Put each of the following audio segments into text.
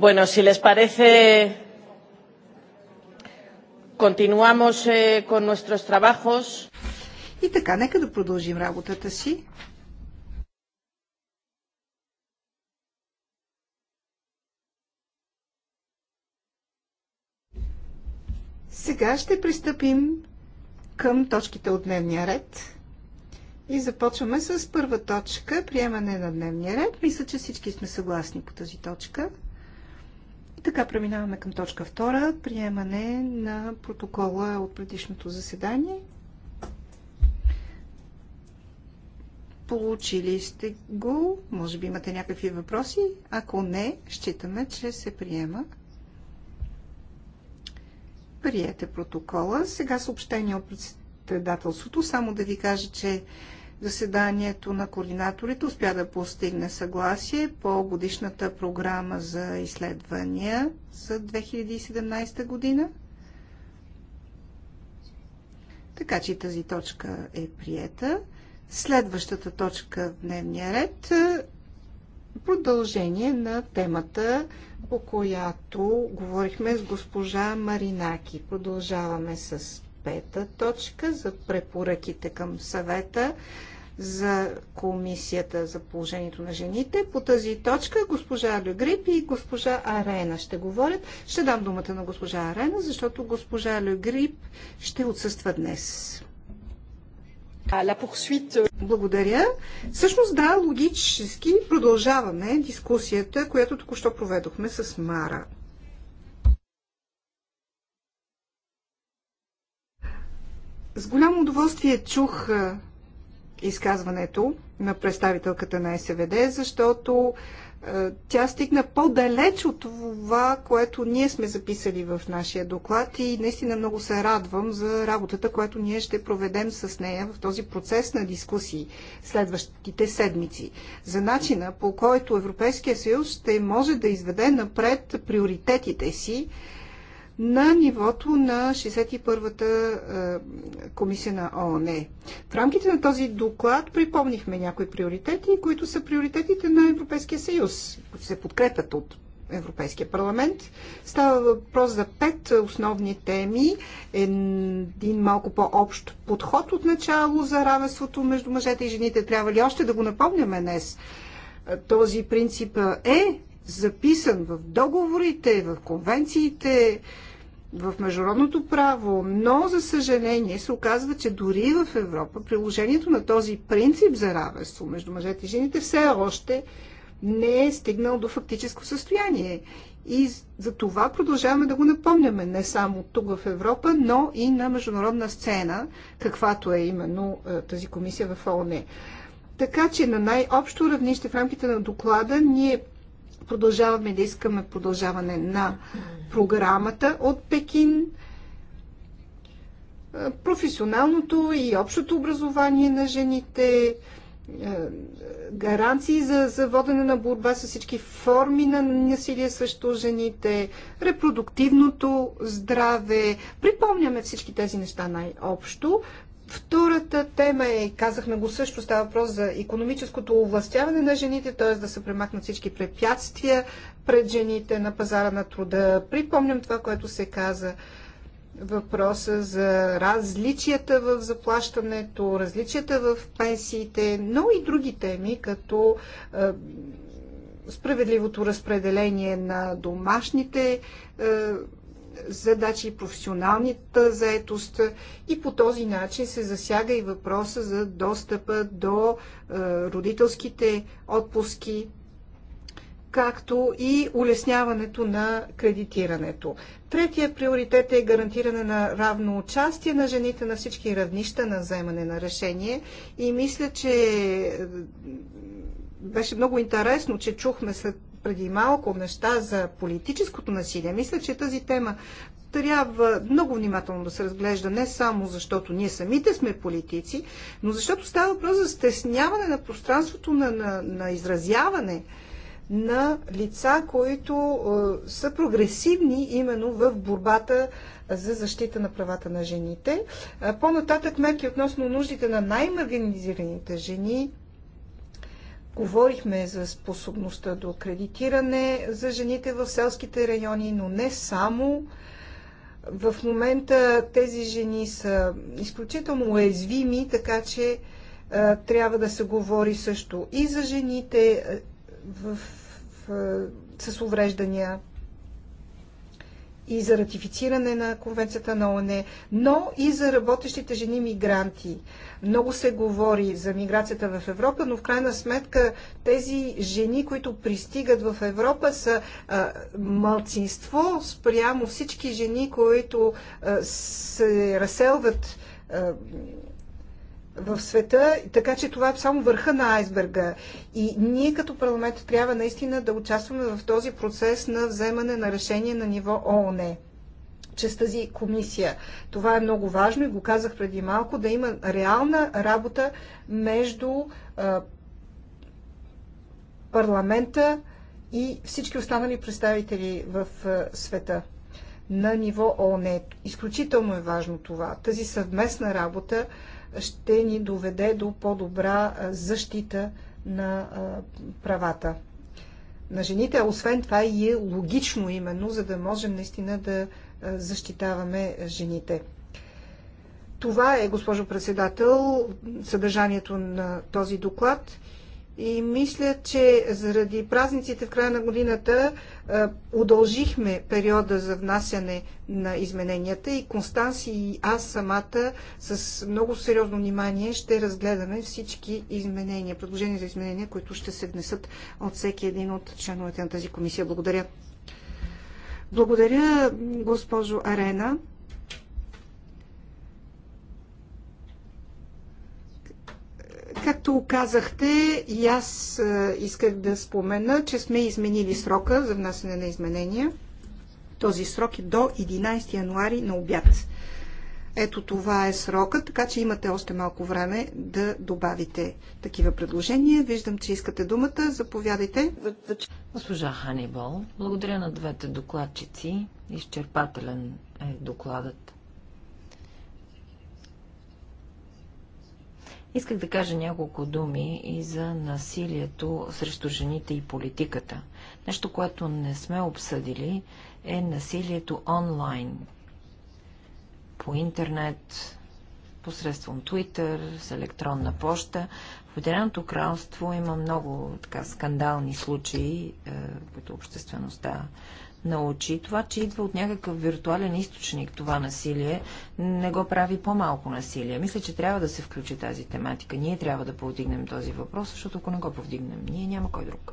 Bueno, si les parece, continuamos eh, con nuestros trabajos. И така, нека да продължим работата си. Сега ще пристъпим към точките от дневния ред. И започваме с първа точка, приемане на дневния ред. Мисля, че всички сме съгласни по тази точка. Така преминаваме към точка 2. Приемане на протокола от предишното заседание. Получили сте го. Може би имате някакви въпроси. Ако не, считаме, че се приема. Приете протокола. Сега съобщение от председателството. Само да ви кажа, че заседанието на координаторите успя да постигне съгласие по годишната програма за изследвания за 2017 година. Така че тази точка е приета. Следващата точка в дневния ред продължение на темата, по която говорихме с госпожа Маринаки. Продължаваме с пета точка за препоръките към съвета за комисията за положението на жените. По тази точка госпожа Люгрип и госпожа Арена ще говорят. Ще дам думата на госпожа Арена, защото госпожа Люгрип ще отсъства днес. Euh, Благодаря. Всъщност, да, логически продължаваме дискусията, която току-що проведохме с Мара. С голямо удоволствие чух изказването на представителката на СВД, защото тя стигна по-далеч от това, което ние сме записали в нашия доклад и наистина много се радвам за работата, която ние ще проведем с нея в този процес на дискусии следващите седмици. За начина по който Европейския съюз ще може да изведе напред приоритетите си на нивото на 61-та е, комисия на ООН. В рамките на този доклад припомнихме някои приоритети, които са приоритетите на Европейския съюз, които се подкрепят от Европейския парламент. Става въпрос за пет основни теми. Един малко по-общ подход от начало за равенството между мъжете и жените. Трябва ли още да го напомняме днес? Този принцип е записан в договорите, в конвенциите, в международното право, но за съжаление се оказва, че дори в Европа приложението на този принцип за равенство между мъжете и жените все още не е стигнал до фактическо състояние. И за това продължаваме да го напомняме не само тук в Европа, но и на международна сцена, каквато е именно е, тази комисия в ООН. Така че на най-общо равнище в рамките на доклада ние Продължаваме да искаме продължаване на програмата от Пекин. Е, професионалното и общото образование на жените, е, гаранции за, за водене на борба с всички форми на насилие срещу жените, репродуктивното здраве. Припомняме всички тези неща най-общо, Втората тема е, казахме го също, става въпрос за економическото овластяване на жените, т.е. да се премахнат всички препятствия пред жените на пазара на труда. Припомням това, което се каза въпроса за различията в заплащането, различията в пенсиите, но и други теми, като е, справедливото разпределение на домашните е, задачи, професионалната заетост и по този начин се засяга и въпроса за достъпа до е, родителските отпуски, както и улесняването на кредитирането. Третия приоритет е гарантиране на равно участие на жените на всички равнища на вземане на решение и мисля, че е, беше много интересно, че чухме след преди малко неща за политическото насилие, мисля, че тази тема трябва много внимателно да се разглежда не само защото ние самите сме политици, но защото става въпрос за стесняване на пространството на, на, на изразяване на лица, които е, са прогресивни именно в борбата за защита на правата на жените. По-нататък мерки относно нуждите на най-маргинизираните жени, Говорихме за способността до кредитиране за жените в селските райони, но не само. В момента тези жени са изключително уязвими, така че а, трябва да се говори също и за жените в, в, с увреждания и за ратифициране на конвенцията на ОНЕ, но и за работещите жени мигранти. Много се говори за миграцията в Европа, но в крайна сметка тези жени, които пристигат в Европа, са а, малцинство спрямо всички жени, които а, се разселват а, в света, така че това е само върха на айсберга. И ние като парламент трябва наистина да участваме в този процес на вземане на решение на ниво ООН чрез тази комисия. Това е много важно и го казах преди малко, да има реална работа между а, парламента и всички останали представители в а, света на ниво ООН. Изключително е важно това. Тази съвместна работа ще ни доведе до по-добра защита на правата на жените. Освен това и е логично именно, за да можем наистина да защитаваме жените. Това е, госпожо председател, съдържанието на този доклад. И мисля, че заради празниците в края на годината е, удължихме периода за внасяне на измененията и Констанс и аз самата с много сериозно внимание ще разгледаме всички изменения, предложения за изменения, които ще се внесат от всеки един от членовете на тази комисия. Благодаря. Благодаря, госпожо Арена. Както казахте, и аз е, исках да спомена, че сме изменили срока за внасяне на изменения. Този срок е до 11 януари на обяд. Ето това е срокът, така че имате още малко време да добавите такива предложения. Виждам, че искате думата. Заповядайте. Госпожа Ханибол, благодаря на двете докладчици. Изчерпателен е докладът. Исках да кажа няколко думи и за насилието срещу жените и политиката. Нещо, което не сме обсъдили, е насилието онлайн. По интернет, посредством Twitter, с електронна поща. В Отделеното кралство има много така, скандални случаи, е, които обществеността научи, това, че идва от някакъв виртуален източник това насилие, не го прави по-малко насилие. Мисля, че трябва да се включи тази тематика. Ние трябва да повдигнем този въпрос, защото ако не го повдигнем, ние няма кой друг.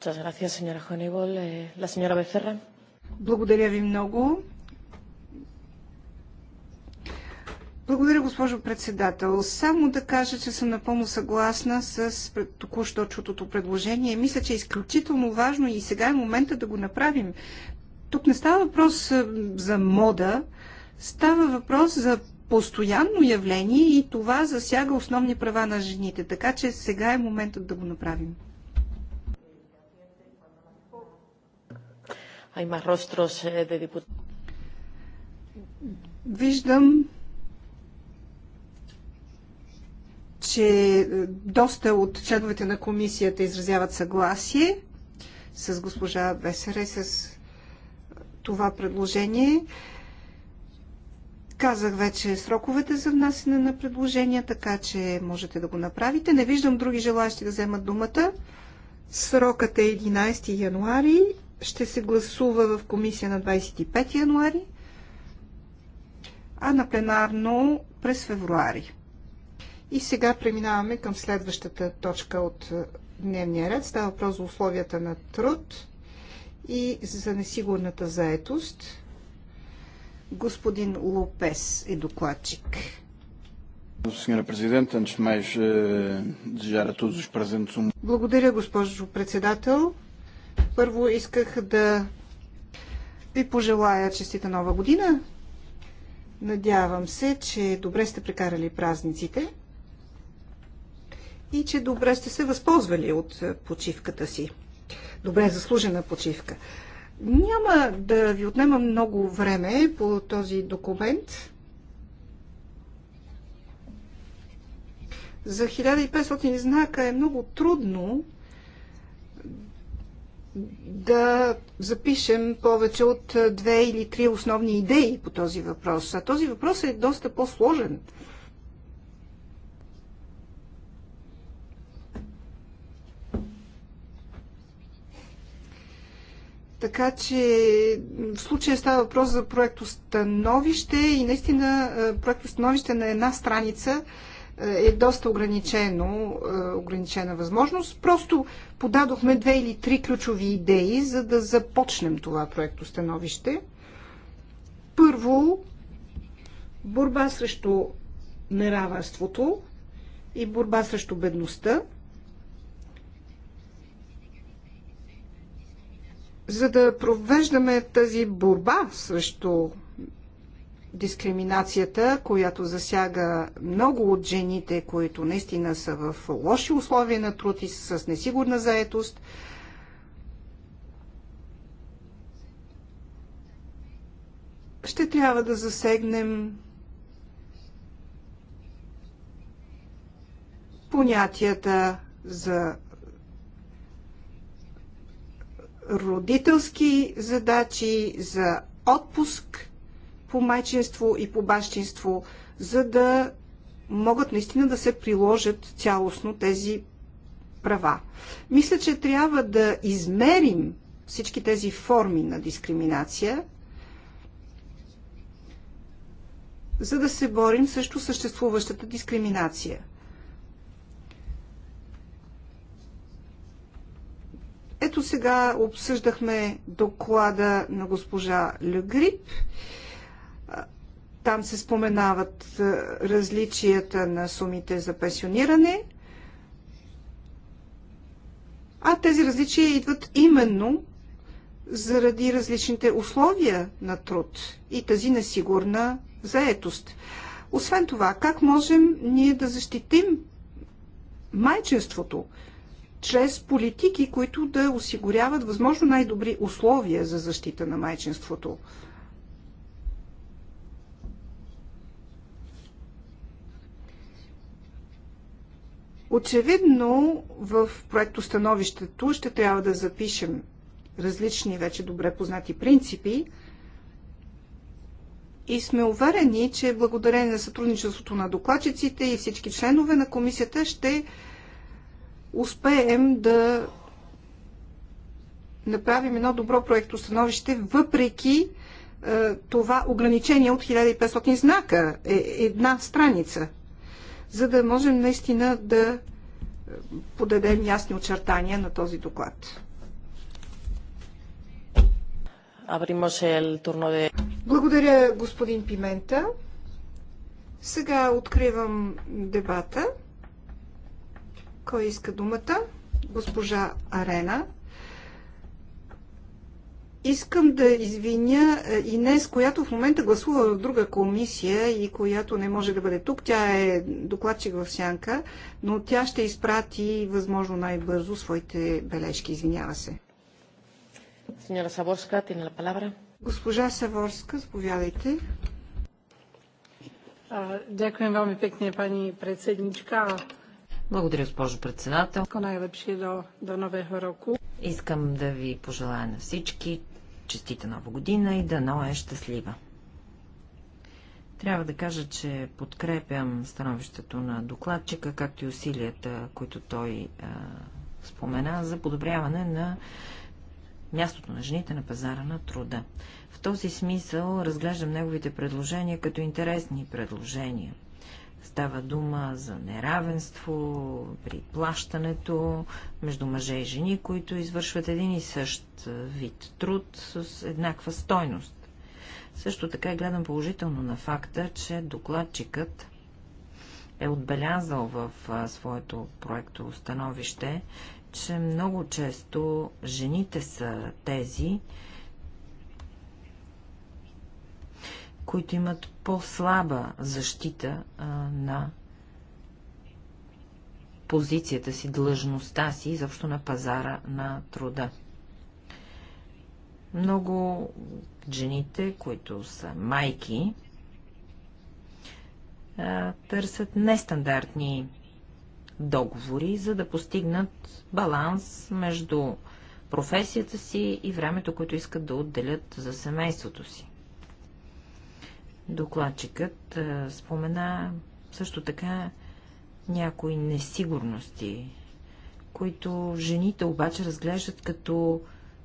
Eh, Благодаря ви много. Благодаря, госпожо председател. Само да кажа, че съм напълно съгласна с току-що чутото предложение. Мисля, че е изключително важно и сега е момента да го направим. Тук не става въпрос е, за мода, става въпрос за постоянно явление и това засяга основни права на жените. Така че сега е моментът да го направим. Eh, Виждам че е, доста от членовете на комисията изразяват съгласие с госпожа Бесера и с е, това предложение. Казах вече сроковете за внасяне на предложения, така че можете да го направите. Не виждам други желащи да вземат думата. Срокът е 11 януари. Ще се гласува в комисия на 25 януари, а на пленарно през февруари. И сега преминаваме към следващата точка от е, дневния ред. Става въпрос за условията на труд и за несигурната заетост. Господин Лопес е докладчик. Senhora Presidente, е, Благодаря, госпожо председател. Първо исках да ви пожелая честита нова година. Надявам се, че добре сте прекарали празниците и че добре сте се възползвали от е, почивката си. Добре заслужена почивка. Няма да ви отнема много време по този документ. За 1500 знака е много трудно да запишем повече от две или три основни идеи по този въпрос. А този въпрос е доста по-сложен. Така че в случая става въпрос за проектостановище и наистина е, проектостановище на една страница е, е доста ограничено, е, ограничена възможност. Просто подадохме две или три ключови идеи, за да започнем това проектостановище. Първо, борба срещу неравенството и борба срещу бедността – за да провеждаме тази борба срещу дискриминацията, която засяга много от жените, които наистина са в лоши условия на труд и са с несигурна заетост. Ще трябва да засегнем понятията за родителски задачи, за отпуск по майчинство и по бащинство, за да могат наистина да се приложат цялостно тези права. Мисля, че трябва да измерим всички тези форми на дискриминация, за да се борим срещу съществуващата дискриминация – Ето сега обсъждахме доклада на госпожа Легрип. Там се споменават различията на сумите за пенсиониране. А тези различия идват именно заради различните условия на труд и тази несигурна заетост. Освен това, как можем ние да защитим майчинството? чрез политики, които да осигуряват възможно най-добри условия за защита на майчинството. Очевидно в проектостановището ще трябва да запишем различни вече добре познати принципи и сме уверени, че благодарение на сътрудничеството на докладчиците и всички членове на комисията ще успеем да направим едно добро проекто становище, въпреки е, това ограничение от 1500 знака, е, една страница, за да можем наистина да е, подадем ясни очертания на този доклад. Благодаря, господин Пимента. Сега откривам дебата. Кой иска думата? Госпожа Арена. Искам да извиня е, Инес, която в момента гласува в друга комисия и която не може да бъде тук. Тя е докладчик в Сянка, но тя ще изпрати възможно най-бързо своите бележки. Извинява се. Сеньора Саворска, ти на палавра. Госпожа Саворска, заповядайте. Дякуем вам пекния пани председничка. Благодаря, госпожо председател. Искам да ви пожелая на всички честита нова година и да но е щастлива. Трябва да кажа, че подкрепям становището на докладчика, както и усилията, които той е, спомена за подобряване на мястото на жените на пазара на труда. В този смисъл разглеждам неговите предложения като интересни предложения. Става дума за неравенство при плащането между мъже и жени, които извършват един и същ вид труд с еднаква стойност. Също така гледам положително на факта, че докладчикът е отбелязал в своето проекто становище, че много често жените са тези, които имат по-слаба защита а, на позицията си, длъжността си, изобщо на пазара на труда. Много жените, които са майки, търсят нестандартни договори, за да постигнат баланс между професията си и времето, което искат да отделят за семейството си. Докладчикът спомена също така някои несигурности, които жените обаче разглеждат като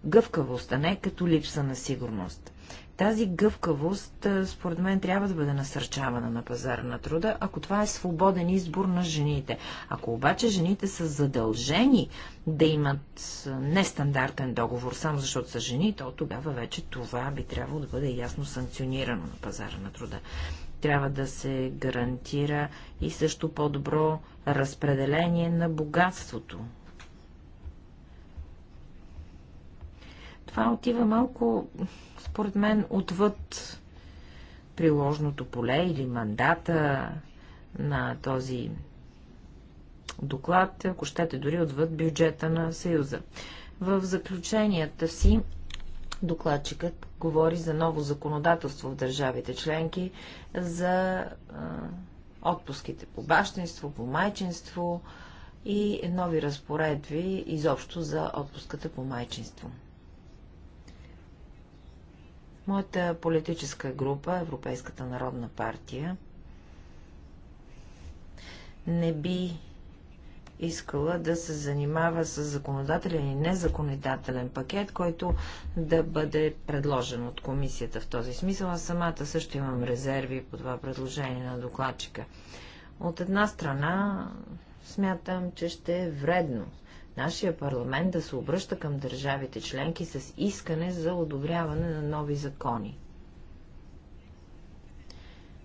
гъвкавост, а не като липса на сигурност. Тази гъвкавост, е, според мен, трябва да бъде насърчавана на пазара на труда, ако това е свободен избор на жените. Ако обаче жените са задължени да имат е, нестандартен договор, само защото са жени, то тогава вече това би трябвало да бъде ясно санкционирано на пазара на труда трябва да се гарантира и също по-добро разпределение на богатството Това отива малко, според мен, отвъд приложното поле или мандата на този доклад, ако щете дори отвъд бюджета на Съюза. В заключенията си докладчикът говори за ново законодателство в държавите членки, за отпуските по бащенство, по майчинство и нови разпоредби изобщо за отпуската по майчинство. Моята политическа група, Европейската народна партия, не би искала да се занимава с законодателен и незаконодателен пакет, който да бъде предложен от комисията в този смисъл. Аз самата също имам резерви по това предложение на докладчика. От една страна смятам, че ще е вредно нашия парламент да се обръща към държавите членки с искане за одобряване на нови закони.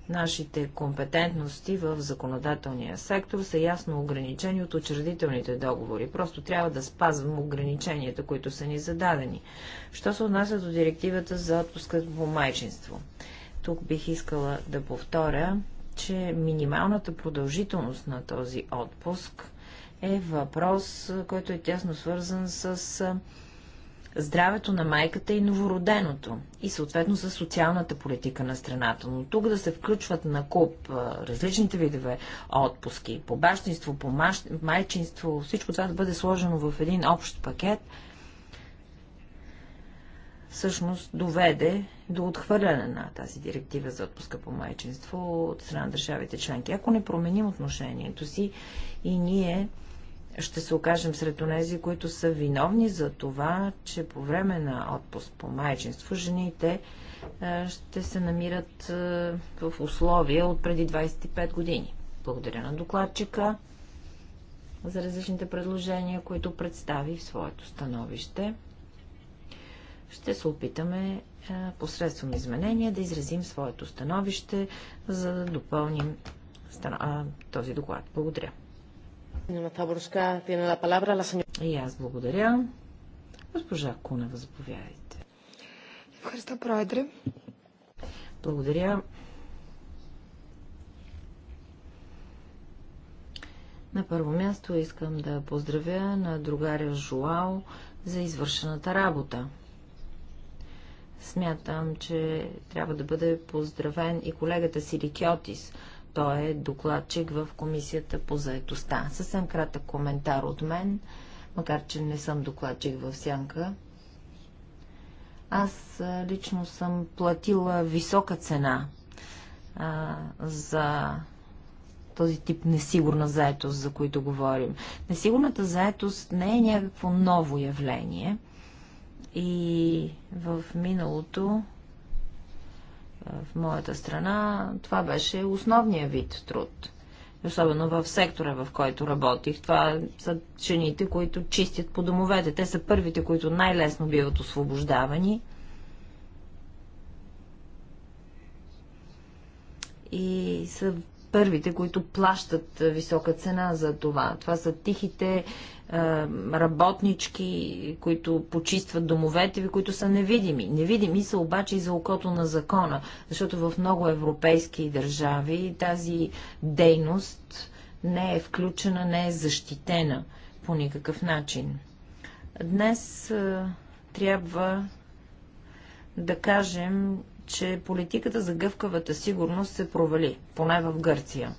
Нашите компетентности в законодателния сектор са ясно ограничени от учредителните договори. Просто трябва да спазвам ограниченията, които са ни зададени. Що се отнася до директивата за отпуска по майчинство? Тук бих искала да повторя, че минималната продължителност на този отпуск – е въпрос, който е тясно свързан с здравето на майката и новороденото и съответно с социалната политика на страната. Но тук да се включват на куп различните видове отпуски, по бащинство, по майчинство, всичко това да бъде сложено в един общ пакет, всъщност доведе до отхвърляне на тази директива за отпуска по майчинство от страна на държавите членки. Ако не променим отношението си и ние ще се окажем сред онези, които са виновни за това, че по време на отпуск по майчинство жените е, ще се намират е, в условия от преди 25 години. Благодаря на докладчика за различните предложения, които представи в своето становище. Ще се опитаме е, посредством изменения да изразим своето становище, за да допълним този доклад. Благодаря. И аз благодаря. Госпожа Кунева, заповядайте. Христа Пройдре. Благодаря. На първо място искам да поздравя на другаря Жуао за извършената работа. Смятам, че трябва да бъде поздравен и колегата Сирикиотис – той е докладчик в Комисията по заедостта. Съвсем кратък коментар от мен, макар че не съм докладчик в Сянка. Аз лично съм платила висока цена а, за този тип несигурна заетост, за които говорим. Несигурната заетост не е някакво ново явление. И в миналото в моята страна това беше основният вид труд. Особено в сектора, в който работих. Това са жените, които чистят по домовете. Те са първите, които най-лесно биват освобождавани. И са първите, които плащат висока цена за това. Това са тихите работнички, които почистват домовете ви, които са невидими. Невидими са обаче и за окото на закона, защото в много европейски държави тази дейност не е включена, не е защитена по никакъв начин. Днес трябва да кажем, че политиката за гъвкавата сигурност се провали, поне в Гърция.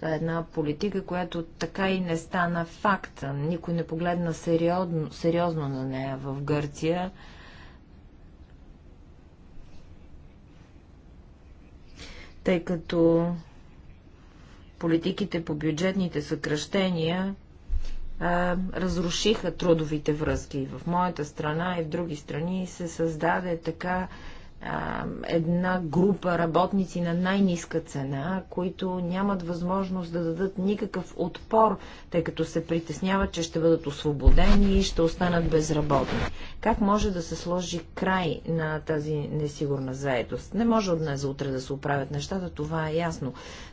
Това е една политика, която така и не стана факт. Никой не погледна сериозно, сериозно на нея в Гърция. Тъй като политиките по бюджетните съкръщения а, разрушиха трудовите връзки. В моята страна и в други страни се създаде така една група работници на най-ниска цена, които нямат възможност да дадат никакъв отпор, тъй като се притесняват, че ще бъдат освободени и ще останат безработни. Как може да се сложи край на тази несигурна заедост? Не може от днес за утре да се оправят нещата, това е ясно.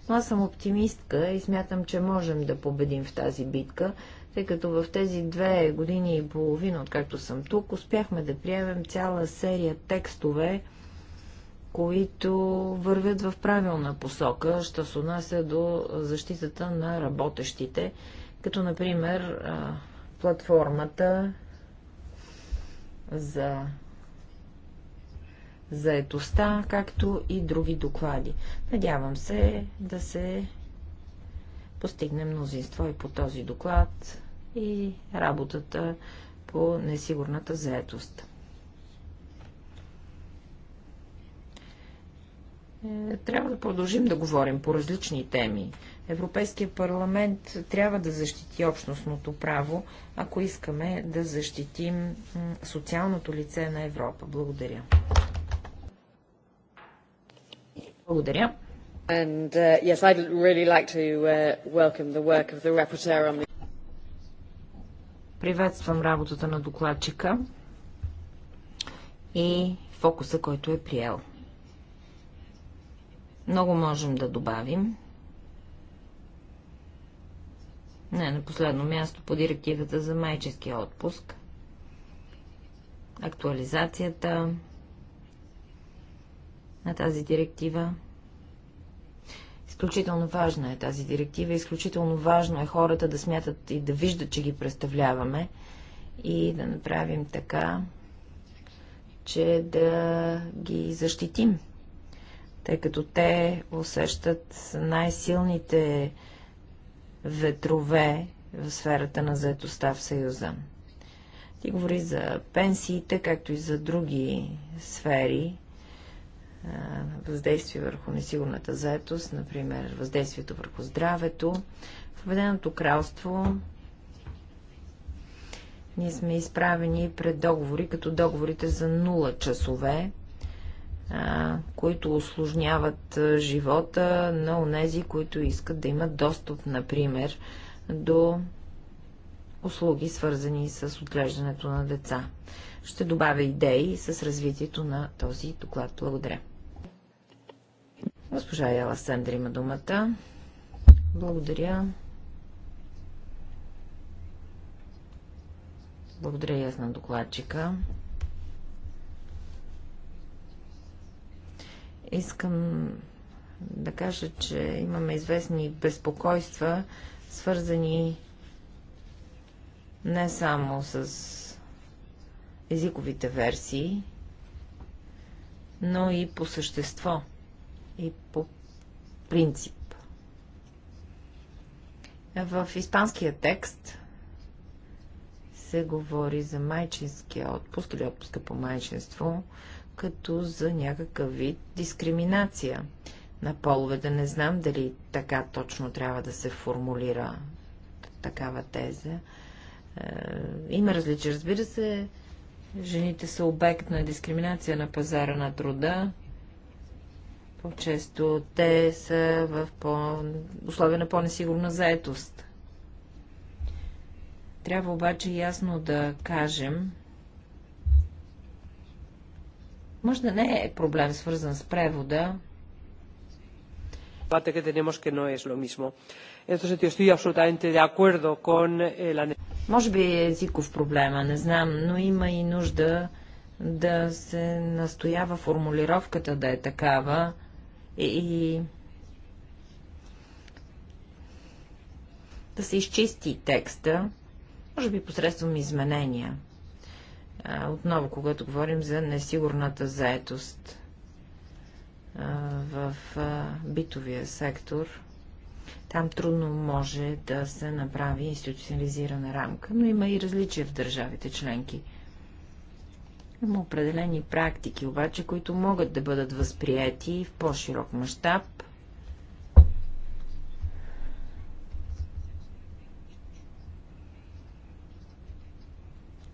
Но аз съм оптимистка и смятам, че можем да победим в тази битка, тъй като в тези две години и половина, откакто съм тук, успяхме да приемем цяла серия текстове, които вървят в правилна посока, що се отнася до защитата на работещите, като например платформата за заетостта, както и други доклади. Надявам се да се постигне мнозинство и по този доклад и работата по несигурната заетост. Е, трябва да продължим да говорим по различни теми. Европейския парламент трябва да защити общностното право, ако искаме да защитим социалното лице на Европа. Благодаря. Благодаря. And uh, yes, I'd really like to uh, welcome the work of the rapporteur on the... Приветствам работата на докладчика и фокуса, който е приел. Много можем да добавим. Не, на последно място по директивата за майческия отпуск. Актуализацията на тази директива. Изключително важна е тази директива. Изключително важно е хората да смятат и да виждат, че ги представляваме и да направим така, че да ги защитим тъй като те усещат най-силните ветрове в сферата на заетостта в Съюза. Ти говори за пенсиите, както и за други сфери, въздействие върху несигурната заетост, например въздействието върху здравето. В Обеденото кралство ние сме изправени пред договори, като договорите за нула часове, които осложняват живота на онези, които искат да имат достъп, например, до услуги, свързани с отглеждането на деца. Ще добавя идеи с развитието на този доклад. Благодаря. Госпожа Яла Сендри има думата. Благодаря. Благодаря и аз на докладчика. Искам да кажа, че имаме известни безпокойства, свързани не само с езиковите версии, но и по същество и по принцип. В испанския текст се говори за майчинския отпуск или отпуска по майчинство, като за някакъв вид дискриминация на да Не знам дали така точно трябва да се формулира такава теза. Е, има различия. Разбира се, жените са обект на дискриминация на пазара на труда. По-често те са в по... условия на по-несигурна заетост. Трябва обаче ясно да кажем, може да не е проблем свързан с превода. que tenemos que no es lo mismo. estoy absolutamente de acuerdo con eh, la Може би е езиков проблема, не знам, но има и нужда да се настоява формулировката да е такава и да се изчисти текста, може би посредством изменения отново, когато говорим за несигурната заетост в битовия сектор, там трудно може да се направи институционализирана рамка, но има и различия в държавите членки. Има определени практики, обаче, които могат да бъдат възприяти в по-широк мащаб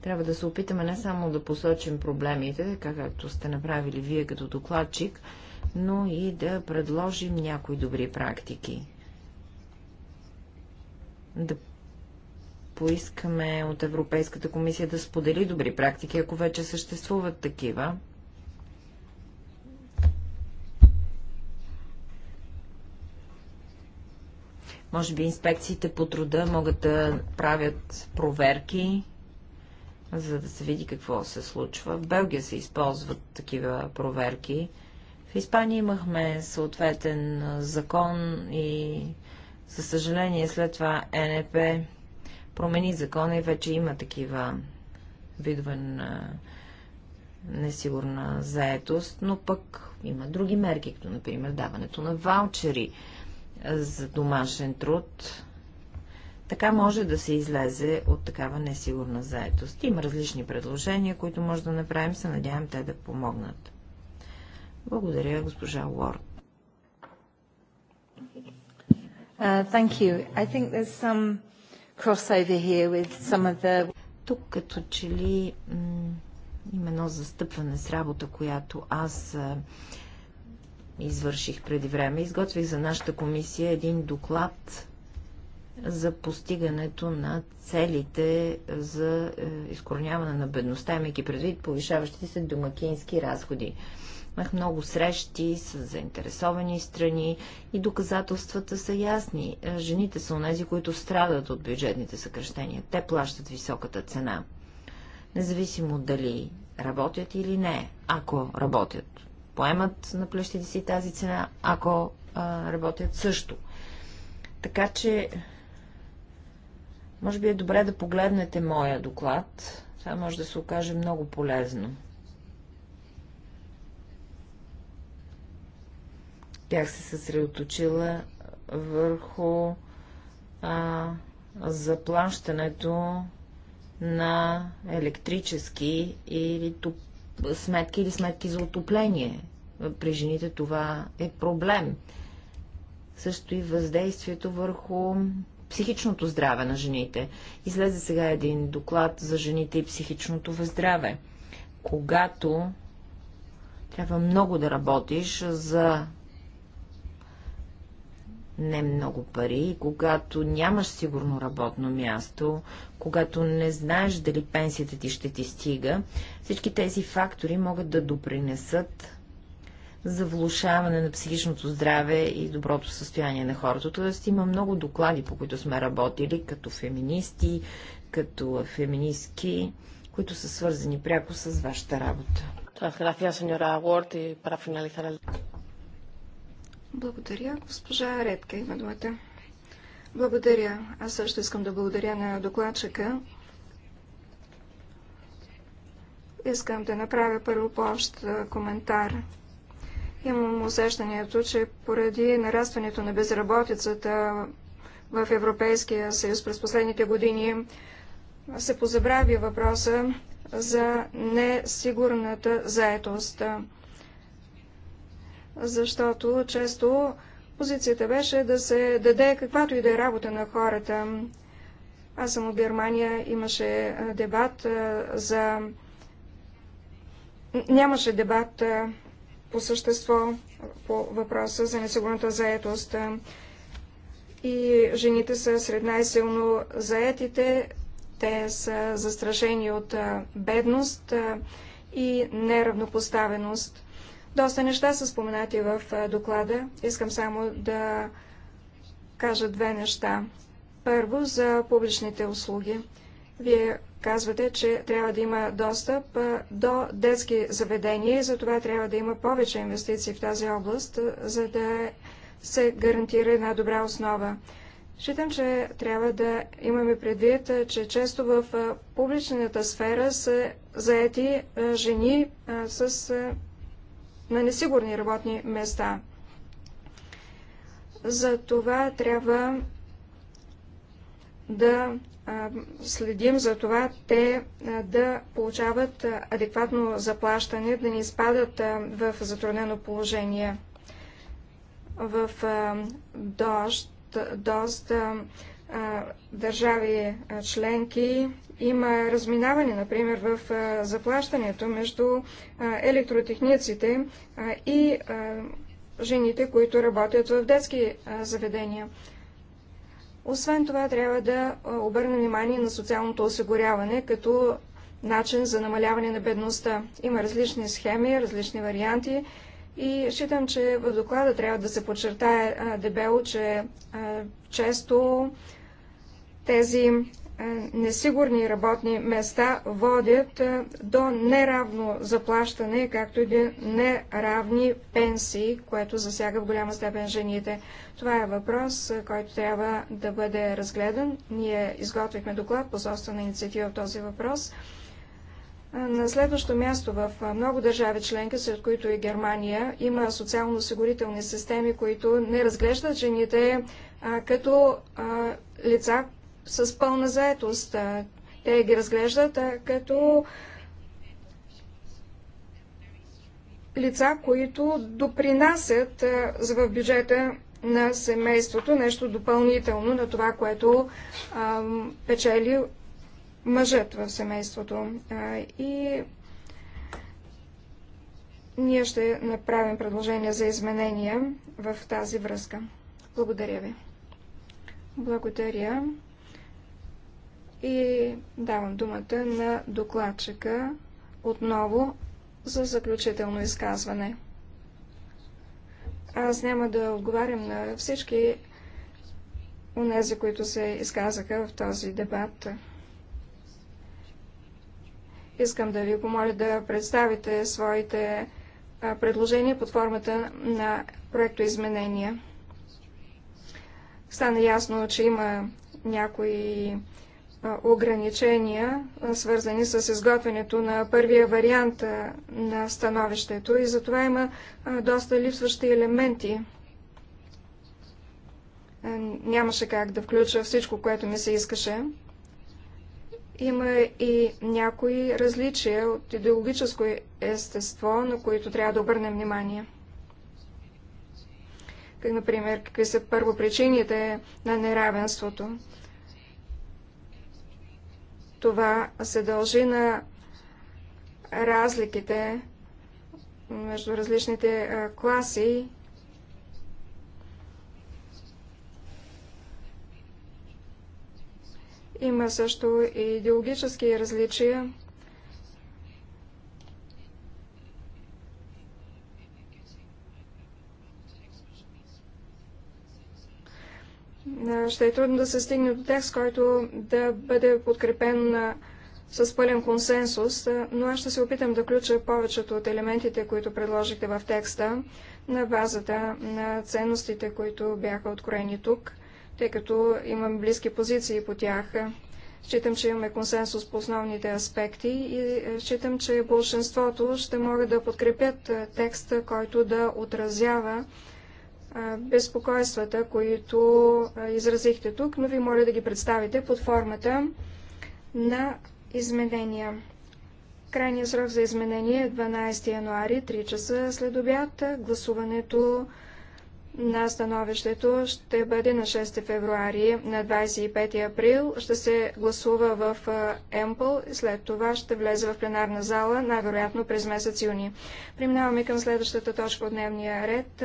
Трябва да се опитаме не само да посочим проблемите, така както сте направили вие като докладчик, но и да предложим някои добри практики. Да поискаме от Европейската комисия да сподели добри практики, ако вече съществуват такива. Може би инспекциите по труда могат да правят проверки за да се види какво се случва. В Белгия се използват такива проверки. В Испания имахме съответен закон и, за съжаление, след това НП е промени закона и вече има такива видове на несигурна заетост, но пък има други мерки, като, например, даването на ваучери за домашен труд, така може да се излезе от такава несигурна заетост. Има различни предложения, които може да направим. Се надявам те да помогнат. Благодаря, госпожа Уорд. Uh, Тук като че ли има едно застъпване с работа, която аз извърших преди време. Изготвих за нашата комисия един доклад за постигането на целите за е, изкореняване на бедността, имайки предвид повишаващите се домакински разходи. Имах много срещи с заинтересовани страни и доказателствата са ясни. Е, жените са онези, които страдат от бюджетните съкръщения. Те плащат високата цена. Независимо дали работят или не, ако работят, поемат на плещите си тази цена, ако а, работят също. Така че може би е добре да погледнете моя доклад. Това може да се окаже много полезно. Бях се съсредоточила върху а, заплащането на електрически или туп, сметки или сметки за отопление. При жените това е проблем. Също и въздействието върху психичното здраве на жените. Излезе сега един доклад за жените и психичното въздраве. Когато трябва много да работиш за не много пари, когато нямаш сигурно работно място, когато не знаеш дали пенсията ти ще ти стига, всички тези фактори могат да допринесат за влушаване на психичното здраве и доброто състояние на хората. Тоест има много доклади, по които сме работили, като феминисти, като феминистки, които са свързани пряко с вашата работа. Благодаря. Госпожа Редка има думата. Благодаря. Аз също искам да благодаря на докладчика. Искам да направя първо по-общ коментар. Имам усещането, че поради нарастването на безработицата в Европейския съюз през последните години се позабрави въпроса за несигурната заетост. Защото често позицията беше да се даде каквато и да е работа на хората. Аз съм от Германия, имаше дебат за... Нямаше дебат по същество по въпроса за несигурната заетост. И жените са сред най-силно заетите. Те са застрашени от бедност и неравнопоставеност. Доста неща са споменати в доклада. Искам само да кажа две неща. Първо за публичните услуги. Вие казвате, че трябва да има достъп до детски заведения и за това трябва да има повече инвестиции в тази област, за да се гарантира една добра основа. Считам, че трябва да имаме предвид, че често в публичната сфера са заети жени с, на несигурни работни места. За това трябва да следим за това те да получават адекватно заплащане, да не изпадат в затруднено положение. В дожд, доста държави членки има разминаване, например, в заплащането между електротехниците и жените, които работят в детски заведения. Освен това, трябва да обърнем внимание на социалното осигуряване като начин за намаляване на бедността. Има различни схеми, различни варианти и считам, че в доклада трябва да се подчертае дебело, че често тези е, несигурни работни места водят е, до неравно заплащане, както и до неравни пенсии, което засяга в голяма степен жените. Това е въпрос, е, който трябва да бъде разгледан. Ние изготвихме доклад по собствена инициатива в този въпрос. На следващо място в много държави членки, сред които и Германия, има социално-осигурителни системи, които не разглеждат жените а, като а, лица, с пълна заетост. Те ги разглеждат като лица, които допринасят в бюджета на семейството нещо допълнително на това, което печели мъжът в семейството. и ние ще направим предложения за изменения в тази връзка. Благодаря ви. Благодаря. И давам думата на докладчика отново за заключително изказване. Аз няма да отговарям на всички унези, които се изказаха в този дебат. Искам да ви помоля да представите своите предложения под формата на проектоизменения. Стана ясно, че има някои ограничения, свързани с изготвянето на първия вариант на становището и затова има доста липсващи елементи. Нямаше как да включа всичко, което ми се искаше. Има и някои различия от идеологическо естество, на които трябва да обърнем внимание. Как, например, какви са първопричините на неравенството. Това се дължи на разликите между различните класи Има също и идеологически различия. ще е трудно да се стигне до текст, който да бъде подкрепен с пълен консенсус, но аз ще се опитам да включа повечето от елементите, които предложихте в текста, на базата на ценностите, които бяха откроени тук, тъй като имам близки позиции по тях. Считам, че имаме консенсус по основните аспекти и е, считам, че большинството ще могат да подкрепят е, текста, който да отразява безпокойствата, които изразихте тук, но ви моля да ги представите под формата на изменения. Крайният срок за изменение е 12 януари, 3 часа след обяд. Гласуването на становището ще бъде на 6 февруари, на 25 април ще се гласува в Емпл, и след това ще влезе в пленарна зала, най-вероятно през месец юни. Преминаваме към следващата точка от дневния ред,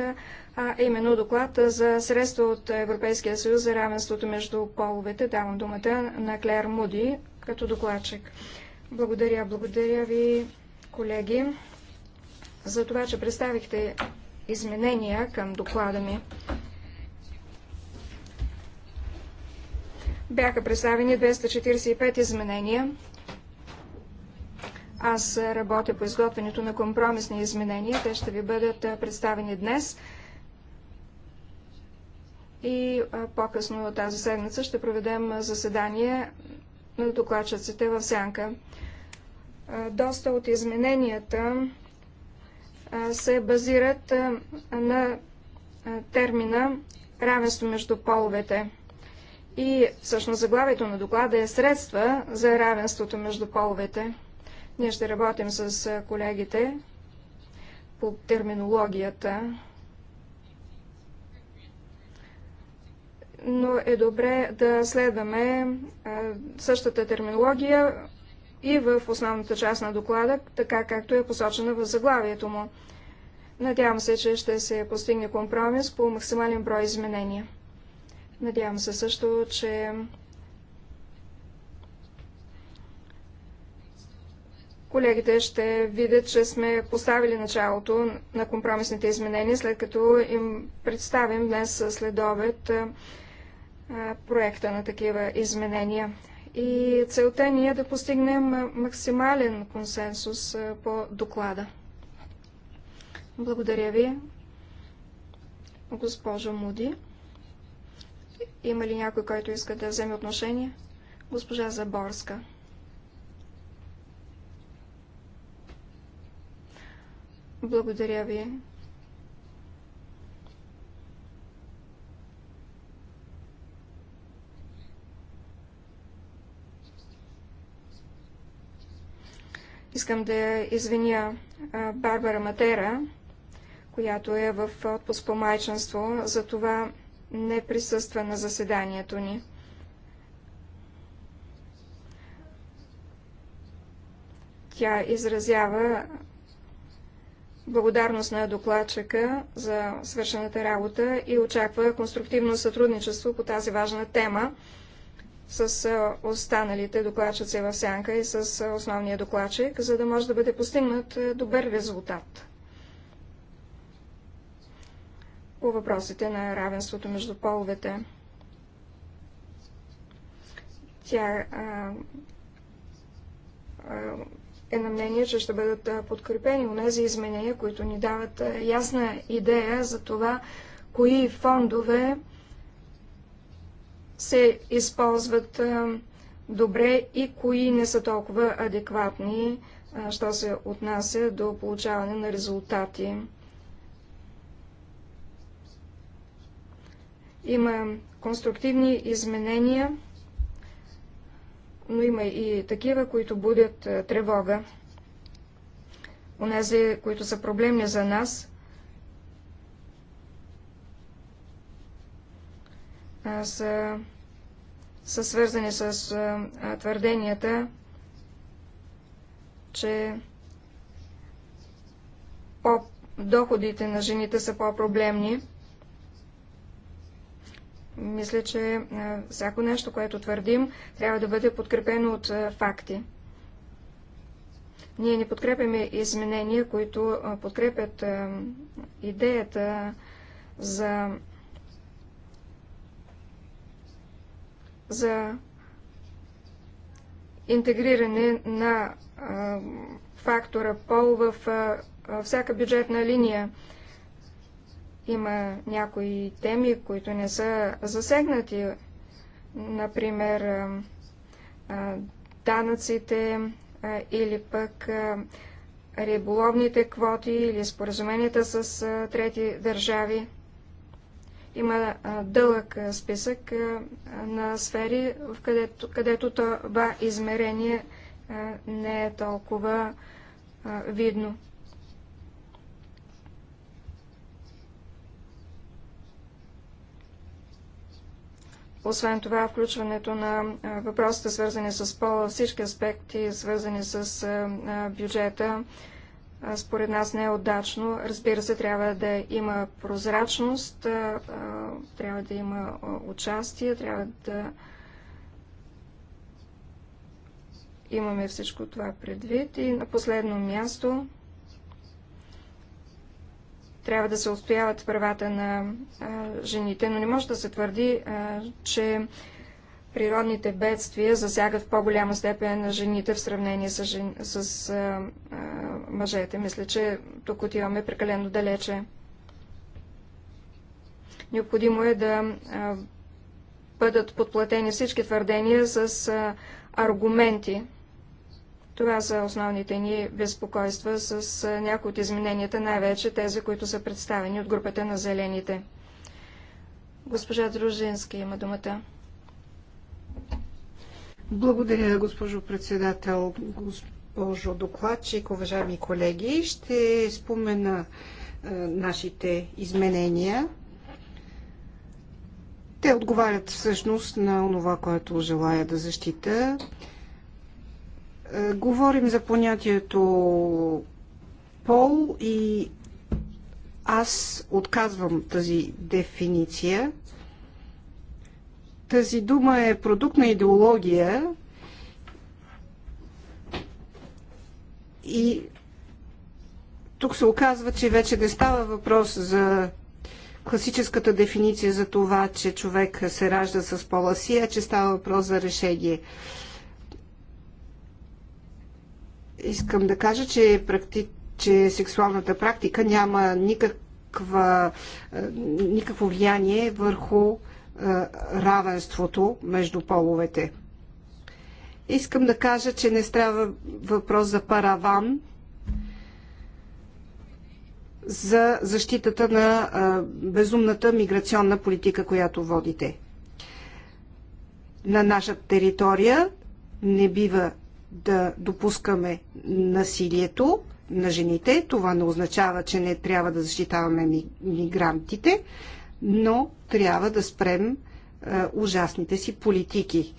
а именно доклад за средства от Европейския съюз за равенството между половете. Давам думата на Клер Муди като докладчик. Благодаря, благодаря ви, колеги, за това, че представихте изменения към доклада ми. Бяха представени 245 изменения. Аз работя по изготвянето на компромисни изменения. Те ще ви бъдат представени днес. И по-късно тази седмица ще проведем заседание на докладчиците в Сянка. Доста от измененията се базират на термина равенство между половете. И всъщност заглавието на доклада е средства за равенството между половете. Ние ще работим с колегите по терминологията, но е добре да следваме същата терминология и в основната част на доклада, така както е посочена в заглавието му. Надявам се, че ще се постигне компромис по максимален брой изменения. Надявам се също, че колегите ще видят, че сме поставили началото на компромисните изменения, след като им представим днес следобед проекта на такива изменения и целта ни е да постигнем максимален консенсус по доклада. Благодаря ви, госпожо Муди. Има ли някой, който иска да вземе отношение? Госпожа Заборска. Благодаря ви, Искам да извиня Барбара Матера, която е в отпуск по майчинство, за това не присъства на заседанието ни. Тя изразява благодарност на докладчика за свършената работа и очаква конструктивно сътрудничество по тази важна тема с останалите докладчици в сянка и с основния докладчик, за да може да бъде постигнат добър резултат по въпросите на равенството между половете. Тя а, а, е на мнение, че ще бъдат подкрепени у нези изменения, които ни дават ясна идея за това, кои фондове се използват добре и кои не са толкова адекватни, що се отнася до получаване на резултати. Има конструктивни изменения, но има и такива, които будят тревога. Онези, които са проблемни за нас, са, са свързани с твърденията, че по доходите на жените са по-проблемни. Мисля, че всяко нещо, което твърдим, трябва да бъде подкрепено от факти. Ние не подкрепяме изменения, които подкрепят идеята за за интегриране на а, фактора пол в а, всяка бюджетна линия. Има някои теми, които не са засегнати, например а, данъците а, или пък а, риболовните квоти или споразуменията с а, трети държави. Има дълъг списък на сфери, в където, където това измерение не е толкова видно. Освен това, включването на въпросите, свързани с пола, всички аспекти, свързани с бюджета, според нас не е удачно. Разбира се, трябва да има прозрачност, трябва да има участие, трябва да имаме всичко това предвид. И на последно място трябва да се отстояват правата на жените, но не може да се твърди, че природните бедствия засягат в по-голяма степен на жените в сравнение с, жен... с а, мъжете. Мисля, че тук отиваме прекалено далече. Необходимо е да бъдат подплатени всички твърдения с аргументи. Това са основните ни безпокойства с някои от измененията, най-вече тези, които са представени от групата на зелените. Госпожа Дружински има думата. Благодаря, госпожо председател госпожо докладчик, уважаеми колеги. Ще спомена а, нашите изменения. Те отговарят всъщност на това, което желая да защита. А, говорим за понятието пол и аз отказвам тази дефиниция. Тази дума е продукт на идеология, И тук се оказва, че вече не става въпрос за класическата дефиниция за това, че човек се ражда с пола си, а че става въпрос за решение. Искам да кажа, че, практи... че сексуалната практика няма никаква... Е, никакво влияние върху е, равенството между половете. Искам да кажа, че не става въпрос за параван за защитата на безумната миграционна политика, която водите. На наша територия не бива да допускаме насилието на жените. Това не означава, че не трябва да защитаваме мигрантите, но трябва да спрем ужасните си политики.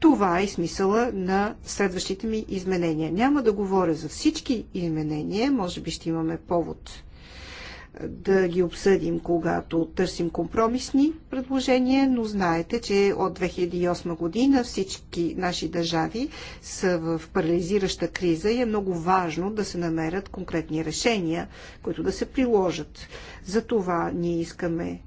Това е смисъла на следващите ми изменения. Няма да говоря за всички изменения, може би ще имаме повод да ги обсъдим, когато търсим компромисни предложения, но знаете, че от 2008 година всички наши държави са в парализираща криза и е много важно да се намерят конкретни решения, които да се приложат. За това ние искаме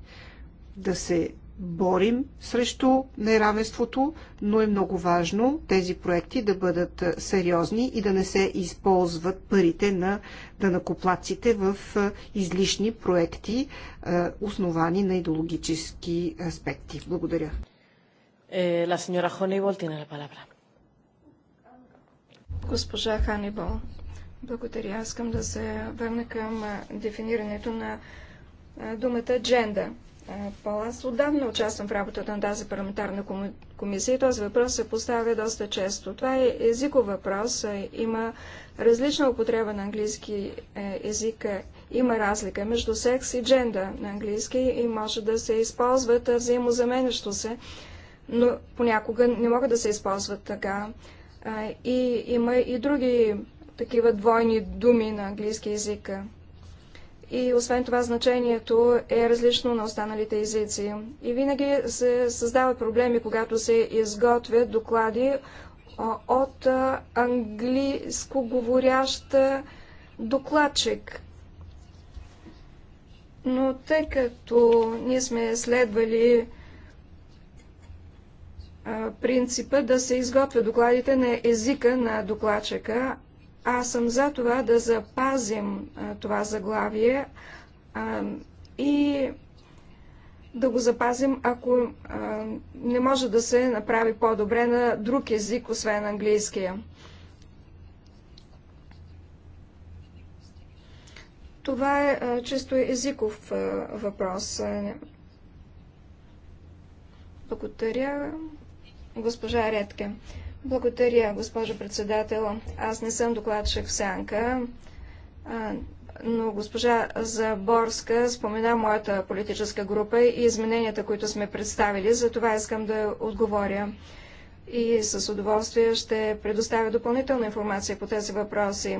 да се борим срещу неравенството, но е много важно тези проекти да бъдат сериозни и да не се използват парите на данакоплаците в излишни проекти, основани на идеологически аспекти. Благодаря. La señora Honeywell tiene la palabra. Госпожа Ханибол, благодаря. Аз искам да се върна към дефинирането на думата дженда аз отдавна участвам в работата на тази парламентарна комисия и този въпрос се поставя доста често. Това е езиков въпрос. Има различна употреба на английски е, език. Има разлика между секс и дженда на английски и може да се използват взаимозаменящо се, но понякога не могат да се използват така. И има и други такива двойни думи на английски език. И освен това значението е различно на останалите езици. И винаги се създават проблеми, когато се изготвят доклади от английско говорящ докладчик. Но тъй като ние сме следвали принципа да се изготвя докладите на езика на докладчика, аз съм за това да запазим това заглавие и да го запазим, ако не може да се направи по-добре на друг език, освен английския. Това е чисто езиков въпрос. Благодаря, госпожа Редке. Благодаря, госпожо председател. Аз не съм докладчик в Сянка, но госпожа Заборска спомена моята политическа група и измененията, които сме представили. За това искам да отговоря и с удоволствие ще предоставя допълнителна информация по тези въпроси,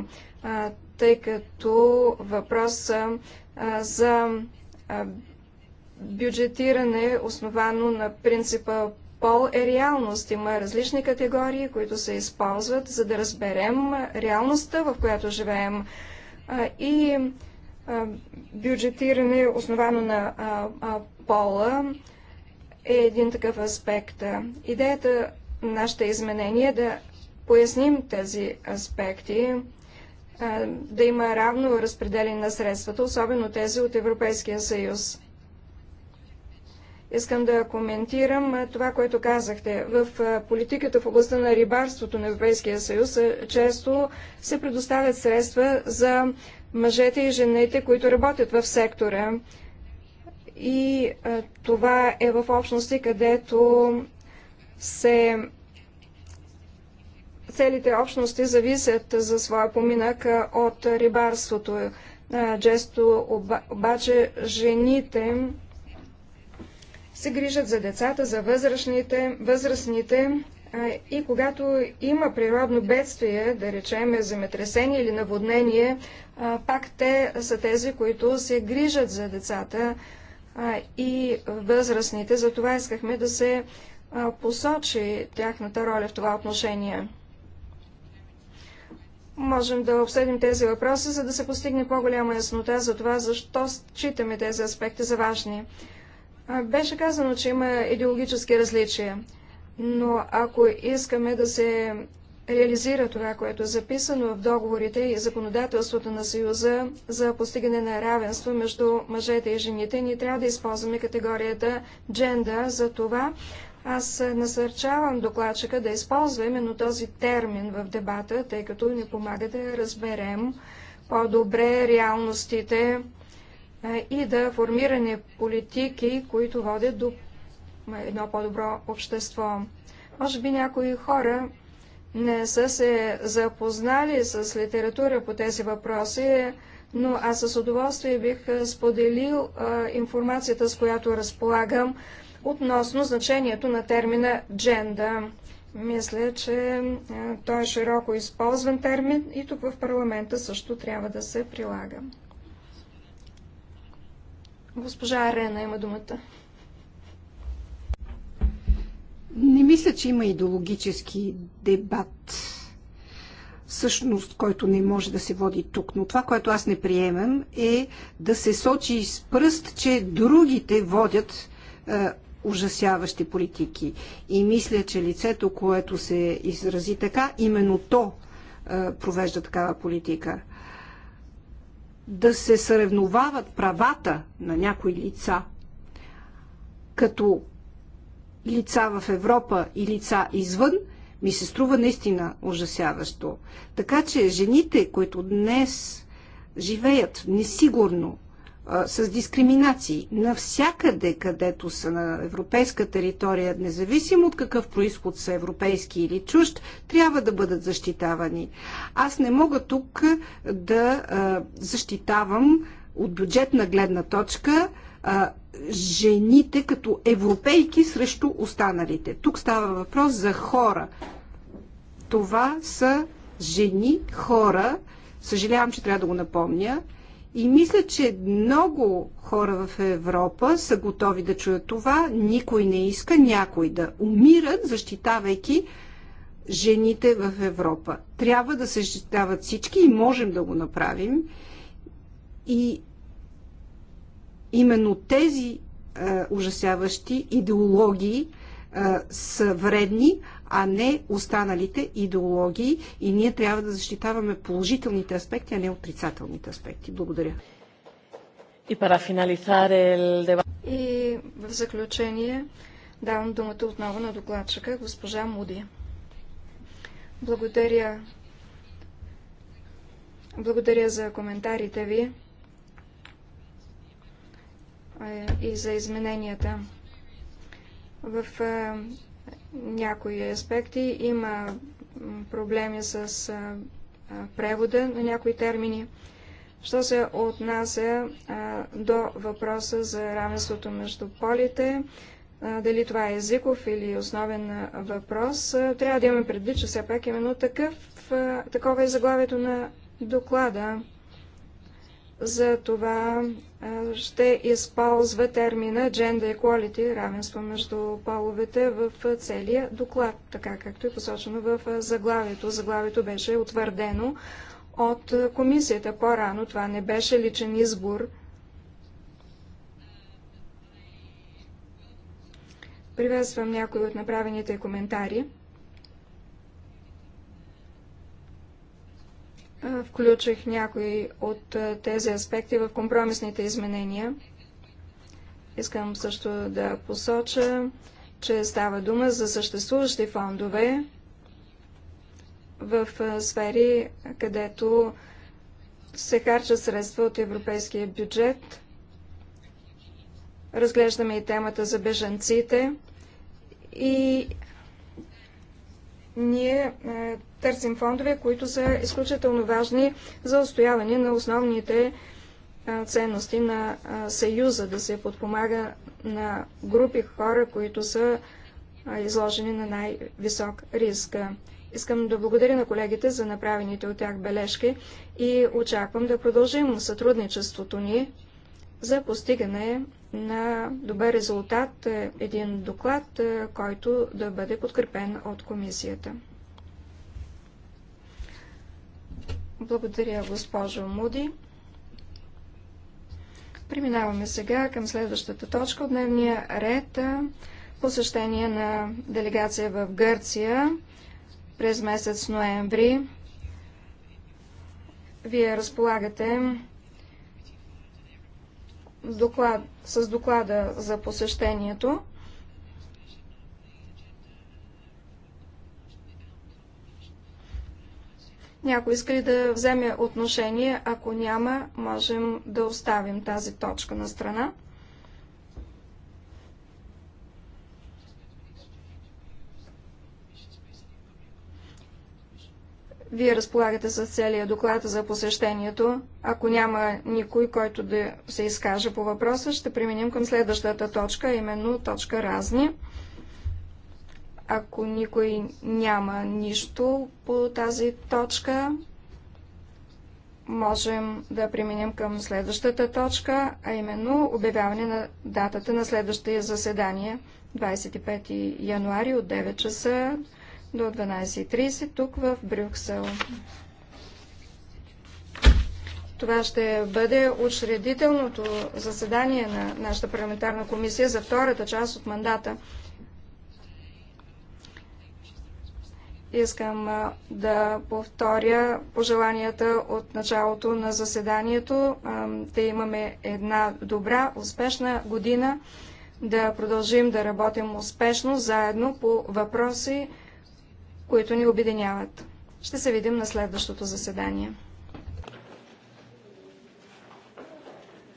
тъй като въпрос за бюджетиране, основано на принципа пол е реалност. Има различни категории, които се използват, за да разберем реалността, в която живеем. И бюджетиране, основано на пола, е един такъв аспект. Идеята на нашите изменения е да поясним тези аспекти, да има равно разпределение на средствата, особено тези от Европейския съюз. Искам да коментирам това, което казахте. В политиката в областта на рибарството на Европейския съюз често се предоставят средства за мъжете и жените, които работят в сектора. И това е в общности, където се целите общности зависят за своя поминък от рибарството. Често обаче жените се грижат за децата, за възрастните, възрастните и когато има природно бедствие, да речем земетресение или наводнение, пак те са тези, които се грижат за децата и възрастните. Затова искахме да се посочи тяхната роля в това отношение. Можем да обсъдим тези въпроси, за да се постигне по-голяма яснота за това, защо считаме тези аспекти за важни. Беше казано, че има идеологически различия, но ако искаме да се реализира това, което е записано в договорите и законодателството на Съюза за постигане на равенство между мъжете и жените, ние трябва да използваме категорията дженда. За това аз насърчавам докладчика да използва именно този термин в дебата, тъй като ни помага да разберем по-добре реалностите, и да формиране политики, които водят до едно по-добро общество. Може би някои хора не са се запознали с литература по тези въпроси, но аз с удоволствие бих споделил информацията, с която разполагам относно значението на термина дженда. Мисля, че той е широко използван термин и тук в парламента също трябва да се прилага. Госпожа Арена има думата. Не мисля, че има идеологически дебат, всъщност, който не може да се води тук. Но това, което аз не приемам, е да се сочи с пръст, че другите водят е, ужасяващи политики. И мисля, че лицето, което се изрази така, именно то е, провежда такава политика да се съревновават правата на някои лица, като лица в Европа и лица извън, ми се струва наистина ужасяващо. Така че жените, които днес живеят несигурно, с дискриминации. Навсякъде, където са на европейска територия, независимо от какъв происход са европейски или чужд, трябва да бъдат защитавани. Аз не мога тук да защитавам от бюджетна гледна точка жените като европейки срещу останалите. Тук става въпрос за хора. Това са жени, хора. Съжалявам, че трябва да го напомня и мисля, че много хора в Европа са готови да чуят това. Никой не иска някой да умират, защитавайки жените в Европа. Трябва да се защитават всички и можем да го направим. И именно тези е, ужасяващи идеологии е, са вредни, а не останалите идеологии и ние трябва да защитаваме положителните аспекти, а не отрицателните аспекти. Благодаря. И para finalizar el debate. И в заключение давам думата отново на докладчика госпожа Муди. Благодаря. Благодаря за коментарите ви е, и за измененията. В е, някои аспекти има проблеми с превода на някои термини. Що се отнася до въпроса за равенството между полите, дали това е езиков или основен въпрос, трябва да имаме предвид, че все пак именно такъв, такова е заглавието на доклада. За това ще използва термина Gender Equality, равенство между половете в целия доклад, така както е посочено в заглавието. Заглавието беше утвърдено от комисията по-рано. Това не беше личен избор. Приветствам някои от направените коментари. Включих някои от тези аспекти в компромисните изменения. Искам също да посоча, че става дума за съществуващи фондове в сфери, където се харчат средства от европейския бюджет. Разглеждаме и темата за бежанците и ние е, търсим фондове, които са изключително важни за устояване на основните е, ценности на е, Съюза, да се подпомага на групи хора, които са е, изложени на най-висок риск. Искам да благодаря на колегите за направените от тях бележки и очаквам да продължим сътрудничеството ни за постигане на добър резултат, е, един доклад, е, който да бъде подкрепен от комисията. Благодаря, госпожо Муди. Преминаваме сега към следващата точка от дневния ред. Е, посещение на делегация в Гърция през месец ноември. Вие разполагате доклад, с доклада за посещението. Някой иска ли да вземе отношение? Ако няма, можем да оставим тази точка на страна. Вие разполагате с целия доклад за посещението. Ако няма никой, който да се изкаже по въпроса, ще преминем към следващата точка, именно точка разни. Ако никой няма нищо по тази точка, можем да преминем към следващата точка, а именно обявяване на датата на следващия заседание 25 януари от 9 часа до 12.30 тук в Брюксел. Това ще бъде учредителното заседание на нашата парламентарна комисия за втората част от мандата. Искам да повторя пожеланията от началото на заседанието, да имаме една добра, успешна година, да продължим да работим успешно заедно по въпроси, които ни обединяват. Ще се видим на следващото заседание.